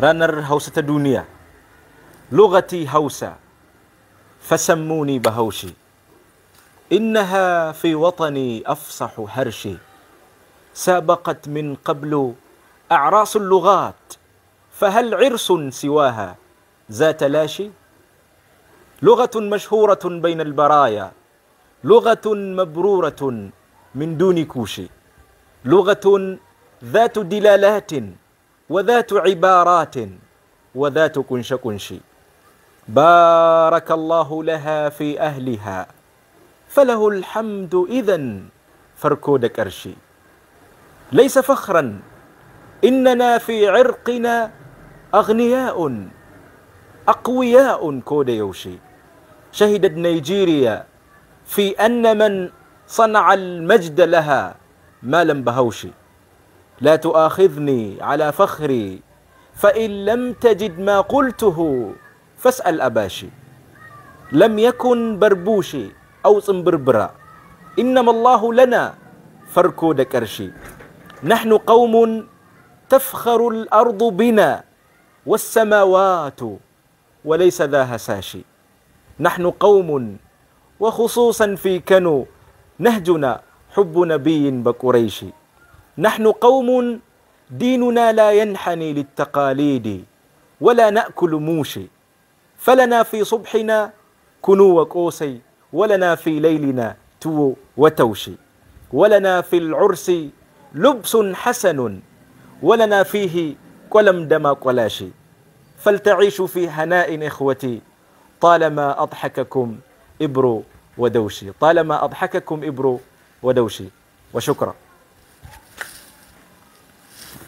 رانر هوسة الدنيا لغتي هوسة فسموني بهوشي إنها في وطني أفصح هرشي سابقت من قبل أعراس اللغات فهل عرس سواها ذات لاشي لغة مشهورة بين البرايا لغة مبرورة من دون كوشي لغة ذات دلالات وذات عبارات وذات كنش كنش بارك الله لها في أهلها فله الحمد إذا فركود كرشي ليس فخرا إننا في عرقنا أغنياء أقوياء كود يوشي شهدت نيجيريا في أن من صنع المجد لها ما لم بهوشي لا تؤاخذني على فخري فإن لم تجد ما قلته فاسأل أباشي لم يكن بربوشي أو صنبربرا إنما الله لنا فركو دكرشي نحن قوم تفخر الأرض بنا والسماوات وليس ذا هساشي نحن قوم وخصوصا في كنو نهجنا حب نبي بقريشي نحن قوم ديننا لا ينحني للتقاليد ولا ناكل موشي فلنا في صبحنا كنو وكوسي ولنا في ليلنا تو وتوشي ولنا في العرس لبس حسن ولنا فيه قلم دما قلاشي فلتعيشوا في هناء إخوتي طالما أضحككم إبرو ودوشي طالما أضحككم إبرو ودوشي وشكرا